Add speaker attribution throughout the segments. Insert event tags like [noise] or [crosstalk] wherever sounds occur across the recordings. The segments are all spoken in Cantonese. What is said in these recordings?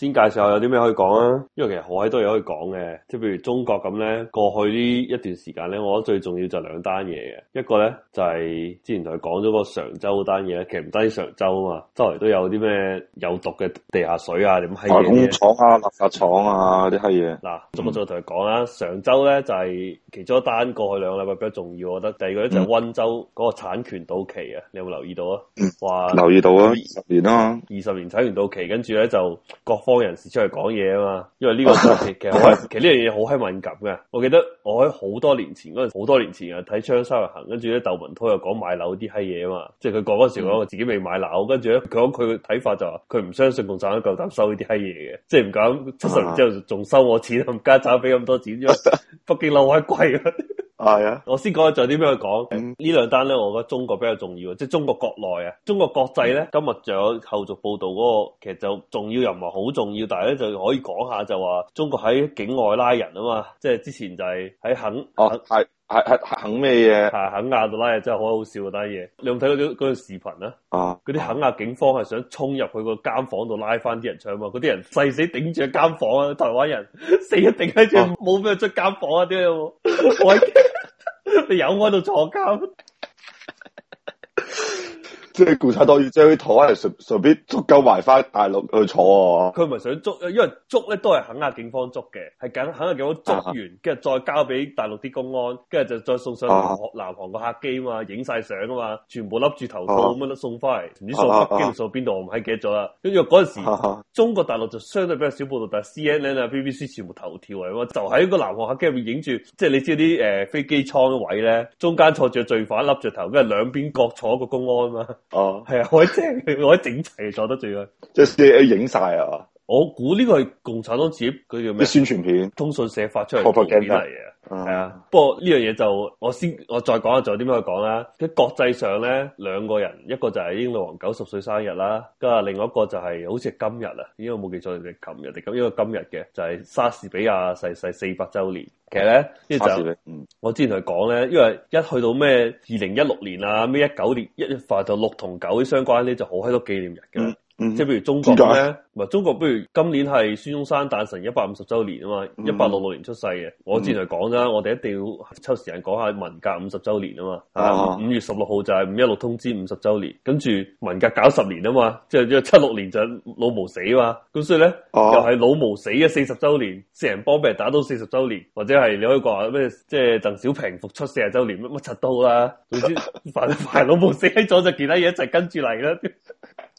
Speaker 1: 先介紹下有啲咩可以講啊，因為其實好喺都嘢可以講嘅，即係譬如中國咁咧，過去呢一段時間咧，我覺得最重要就兩單嘢嘅，一個咧就係、是、之前同佢講咗個常州嗰單嘢，其實唔單止常州啊嘛，周圍都有啲咩有毒嘅地下水啊，啲咁閪嘅嘢，垃圾廠啊，啲閪嘢。嗱，做乜？再同佢講啦。常州咧就係、是、其中一單過去兩禮拜比較重要，我覺得。第二個咧就係、是、溫州嗰個產權到期啊，你有冇留意到啊？嗯，話留意到啊，二十年啦，二十年產權到期，跟住咧就.幫人士出嚟講嘢啊嘛，因為呢、這個 [laughs] 其實其實呢樣嘢好閪敏感嘅。我記得我喺好多年前嗰陣，好多年前啊睇《鏘鏘三人行》，跟住咧竇文濤又講買樓啲閪嘢啊嘛，即係佢講嗰陣時講、嗯、自己未買樓，跟住咧佢講佢嘅睇法就話佢唔相信共產黨夠膽收呢啲閪嘢嘅，即係唔敢七十年之後仲收我錢，唔家賺俾咁多錢，因為北京樓太貴。 [laughs] 係啊，我先講下再點樣去講呢兩單咧？我覺得中國比較重要，即係中國國內啊，中國國際咧。今日仲有後續報道嗰個，其實就重要又唔係好重要，但係咧就可以講下就話中國喺境外拉人啊嘛，即係之前就係喺肯哦係係係肯咩嘢？係肯亞度拉人真係好好笑嘅單嘢。你有冇睇到嗰嗰個視頻啊？啊，嗰啲肯亞警方係想衝入去個監房度，拉翻啲人出啊嘛，嗰啲人誓死頂住間房啊，台灣人死一定喺住，冇咩出間房啊啲嘢。喂！你有我喺度坐監？即係故差多，要係啲台係隨隨便捉夠埋翻大陸去坐啊。佢唔係想捉，因為捉咧都係肯亞警方捉嘅，係梗肯亞警方捉完，跟住、啊、再交俾大陸啲公安，跟住就再送上南南韓個客機嘛，影晒相啊嘛，全部笠住頭套咁樣、啊、送翻嚟，唔知送到北京送到邊度，啊、我唔係記咗啦。跟住嗰陣時，啊啊、中國大陸就相對比較少報道，但係 CNN 啊、BBC 全部頭條嚟，就喺個南韓客機入面影住，即係你知啲誒飛機倉位咧，中間坐住罪犯笠住頭，跟住兩邊各坐一個公安啊嘛。哦，係 [laughs] 啊，我即係我整齊坐得住啊， [laughs] 即係一影晒啊。我估呢個係共產黨自己，佢叫咩？宣傳片，通訊社發出嚟嘅。係、嗯、啊，不過呢樣嘢就我先，我再講下就點樣去講啦。喺國際上咧，兩個人，一個就係英女王九十歲生日啦，跟住，另外一個就係好似今日啊，如果冇記錯係琴日嚟。咁因為今日嘅就係莎士比亞逝世四百周年。其實咧，呢就、嗯，我之前同佢講咧，嗯、因為一去到咩二零一六年啊，咩一九年，一月份就六同九啲相關咧就好喺度紀念日嘅。嗯嗯、即係譬如中國咧，唔係中國，不如今年係孫中山誕辰一百五十周年啊嘛，一八六六年出世嘅。我之前嚟講啦，嗯、我哋一定要抽時間講下文革五十周年啊嘛，五、啊啊、月十六號就係五一六通知五十周年，跟住文革搞十年啊嘛，即係即係七六年就老毛死啊嘛，咁所以咧、啊、又係老毛死嘅四十周年，四人幫俾人打到四十周年，或者係你可以話咩，即係鄧小平復出四十周年乜乜柒刀啦，總之凡快老毛死咗就其他嘢一齊跟住嚟啦。 [laughs]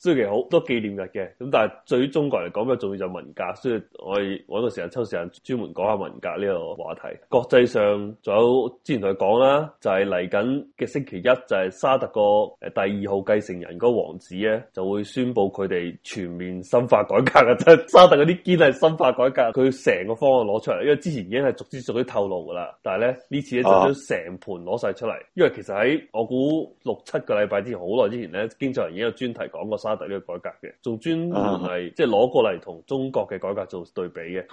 Speaker 1: 雖然好多紀念日嘅，咁但係對於中國嚟講，比較重要就文革，所以我揾個時間抽時間專門講下文革呢個話題。國際上仲有之前同佢講啦，就係嚟緊嘅星期一就係、是、沙特個第二號繼承人個王子咧，就會宣布佢哋全面深化改革啦。真 [laughs] 沙特嗰啲堅係深化改革，佢成個方案攞出嚟，因為之前已經係逐漸逐啲透露㗎啦。但係咧呢次咧就將成盤攞晒出嚟，因為其實喺我估六七個禮拜之前，好耐之前咧，經濟人已經有專題講過沙特呢個改革嘅，仲專門係、啊、即係攞過嚟同中國嘅改革做對比嘅，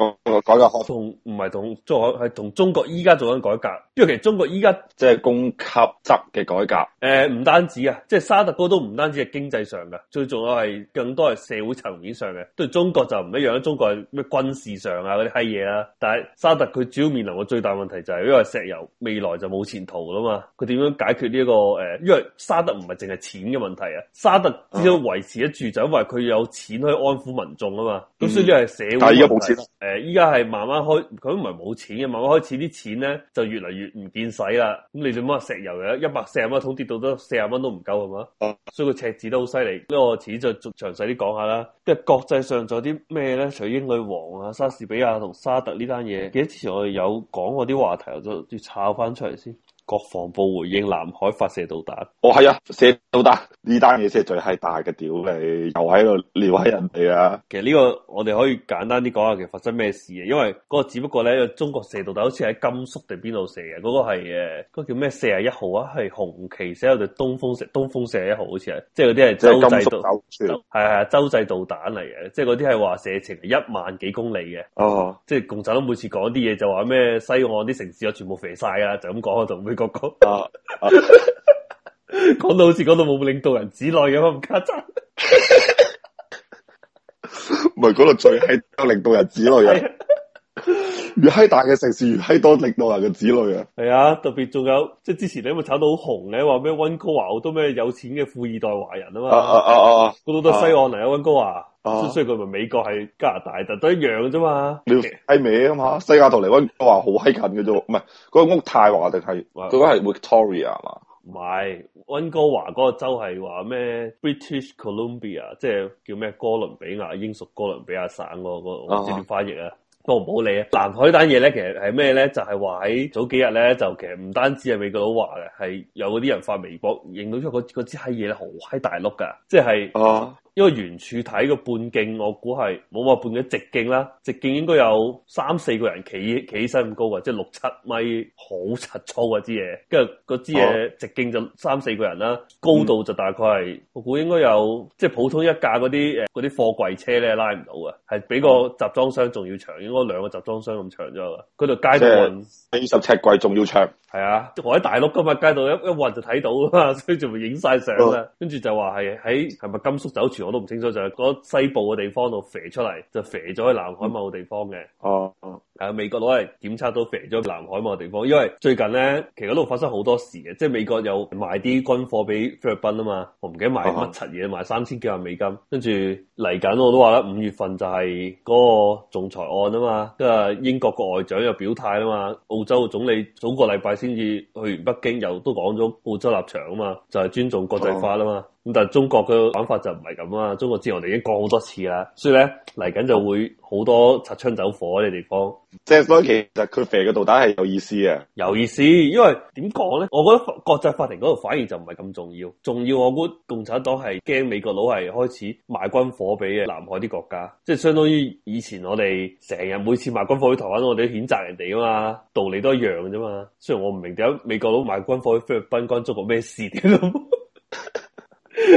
Speaker 1: 改革同唔係同中國係同中國依家做緊改革。因為其實中國依家即係供給側嘅改革。誒唔、欸、單止啊，即係沙特嗰都唔單止係經濟上嘅，最重要係更多係社會層面上嘅。對中國就唔一樣啦，中國係咩軍事上啊嗰啲閪嘢啦。但係沙特佢主要面臨嘅最大問題就係因為石油未來就冇前途啦嘛，佢點樣解決呢、這、一個誒、呃？因為沙特唔係淨係錢嘅問題啊，沙特主要維持一住就因為佢有錢可以安撫民眾啊嘛，咁所以係社會。而家冇錢啦。依家係慢慢開，佢都唔係冇錢嘅，慢慢開始啲錢咧就越嚟越唔見使啦。咁你做乜下石油嘅一百四十蚊一桶跌到得四十蚊都唔夠係嘛？嗯、所以個赤字都好犀利，呢個我遲啲再詳細啲講下啦。即係國際上仲有啲咩咧？除英女王啊、莎士比亞同沙特呢單嘢，幾多之前我哋有講過啲話題，我就要抄翻出嚟先。國防部回應南海發射導彈，哦係啊，射導彈呢單嘢先係最係大嘅屌，你又喺度撩起人哋啊！其實呢個我哋可以簡單啲講下，其實發生咩事嘅？因為嗰個只不過咧，中國射導彈好似喺甘肅定邊度射嘅，嗰、嗰個係誒嗰叫咩四十一號啊，係紅旗射喺度東風射東風四十一號，好似係即係嗰啲係即係甘肅酒泉，係係洲際導彈嚟嘅，即係嗰啲係話射程一萬幾公里嘅哦，哦，即係共產黨每次講啲嘢就話咩西岸啲城市又全部肥晒啊，就咁講喺度。個個啊，講到 [laughs] 好似講到冇領導人子女咁，唔卡扎，唔係嗰度最係有領導人子女啊。 [laughs] [laughs] [laughs] 越閪大嘅城市，越閪多領導人嘅子女啊。係啊，特別仲有，即係之前你有冇炒到好紅咧，話咩温哥華好多咩有錢嘅富二代華人啊嘛，啊啊啊好、啊啊啊、多都喺西岸嚟啊，温哥華。所以佢咪美國喺加拿大，特都一樣啫嘛。歪歪啊嘛，西亞圖嚟溫哥華好閪近嘅啫，唔係嗰個屋泰華定係嗰個係 Victoria 嘛？唔係、啊，溫哥華嗰個州係話咩 British Columbia，即係叫咩哥倫比亞，英屬哥倫比亞省。我我直接翻譯啊，都唔好理啊。南海單嘢咧，其實係咩咧？就係話喺早幾日咧，就其實唔單止係美國佬話嘅，係有嗰啲人發微博認到出嗰嗰支閪嘢，好閪大碌噶，即係哦。因為圓柱體個半，半徑，我估係冇話半嘅直徑啦，直徑應該有三四個人企企起身咁高嘅，即係六七米好柒粗嗰啲嘢，跟住嗰支嘢直徑就三四個人啦，高度就大概係、嗯、我估應該有即係普通一架嗰啲誒嗰啲貨櫃車咧拉唔到嘅，係比個集裝箱仲要長，應該兩個集裝箱咁長咗嘅，嗰度街道運四十尺櫃仲要長。係啊，我喺大陸今日街道一一雲就睇到啊，嘛，所以就咪影晒相啦。跟住、啊、就話係喺係咪甘肅酒泉，我都唔清楚，就係、是、嗰西部嘅地方度飛出嚟，就飛咗喺南海某個地方嘅。哦、啊。誒，美國攞嚟檢測到肥咗南海某個地方，因為最近咧，其實嗰度發生好多事嘅，即係美國有賣啲軍貨俾菲律賓啊嘛，我唔記得賣乜柒嘢，uh huh. 賣三千幾萬美金，跟住嚟緊我都話啦，五月份就係嗰個仲裁案啊嘛，即係英國個外長又表態啦嘛，澳洲嘅總理早個禮拜先至去完北京，又都講咗澳洲立場啊嘛，就係、是、尊重國際法啦嘛。Uh huh. 咁但係中國嘅玩法就唔係咁啊！中國知我哋已經講好多次啦，所以咧，嚟緊就會好多擦槍走火嘅地方。即係嗰，其實佢射嘅導彈係有意思啊，有意思，因為點講咧？我覺得國際法庭嗰度反而就唔係咁重要，重要我估共產黨係驚美國佬係開始賣軍火俾嘅南海啲國家，即係相當於以前我哋成日每次賣軍火去台灣，我哋都譴責人哋噶嘛，道理都一樣啫嘛。雖然我唔明點解美國佬賣軍火去菲律賓關中國咩事。 [laughs]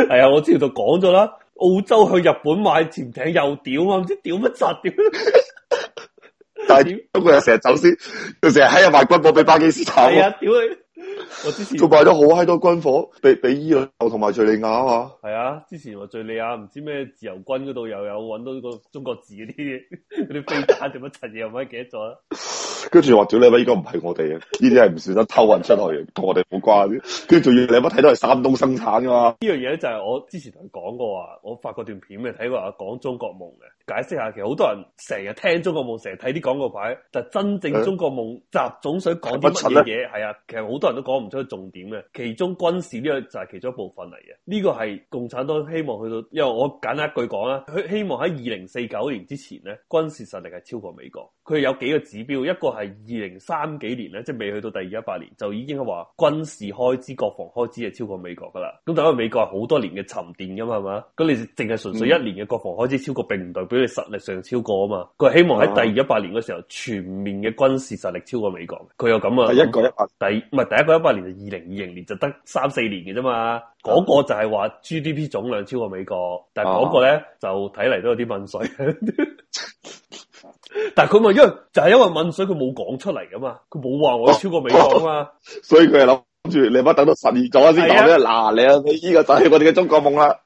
Speaker 1: 係啊，我之前就講咗啦，澳洲去日本買潛艇又屌啊，唔知屌乜柒屌，但係點？不過又成日走先，又成日喺度賣軍火俾巴基斯坦。係啊，屌佢！我之前仲賣咗好嗨多軍火俾俾伊朗同埋敘利亞嘛，係啊，之前話敘利亞唔知咩自由軍嗰度又有揾到呢個中國字嗰啲嗰啲飛彈，點樣陳嘢唔知幾得咗？啦。 [laughs] 跟住話，屌你媽，依個唔係我哋嘅，呢啲係唔算得偷運出去嘅，同 [laughs] 我哋冇關。跟住仲要你乜睇到係山東生產噶嘛、啊？呢樣嘢就係我之前同佢講過話，我發過段片咩？睇過啊，講中國夢嘅，解釋下其實好多人成日聽中國夢，成日睇啲廣告牌，但真正中國夢習總想講啲乜嘢嘢？係啊的，其實好多人都講。唔出重點嘅，其中軍事呢個就係其中一部分嚟嘅。呢個係共產黨希望去到，因為我簡單一句講啦，佢希望喺二零四九年之前咧，軍事實力係超過美國。佢有幾個指標，一個係二零三幾年咧，即係未去到第二一百年就已經係話軍事開支、國防開支係超過美國噶啦。咁但係美國係好多年嘅沉澱噶嘛是是，係嘛咁你淨係純粹一年嘅國防開支超過，並唔代表你實力上超過啊嘛。佢希望喺第二一百年嘅時候全面嘅軍事實力超過美國。佢有咁啊，第一個一百，第唔係第一個一二零二零年就得三四年嘅啫嘛，嗰、啊、個就係話 GDP 總量超過美國，但係嗰個咧、啊、就睇嚟，都有啲問水。 [laughs] [laughs] 但係佢咪因為就係、是、因為問水，佢冇講出嚟噶嘛，佢冇話我超過美國嘛啊嘛、啊，所以佢係諗住你唔等到十二咗先講咩？嗱、啊啊，你依個就係我哋嘅中國夢啦。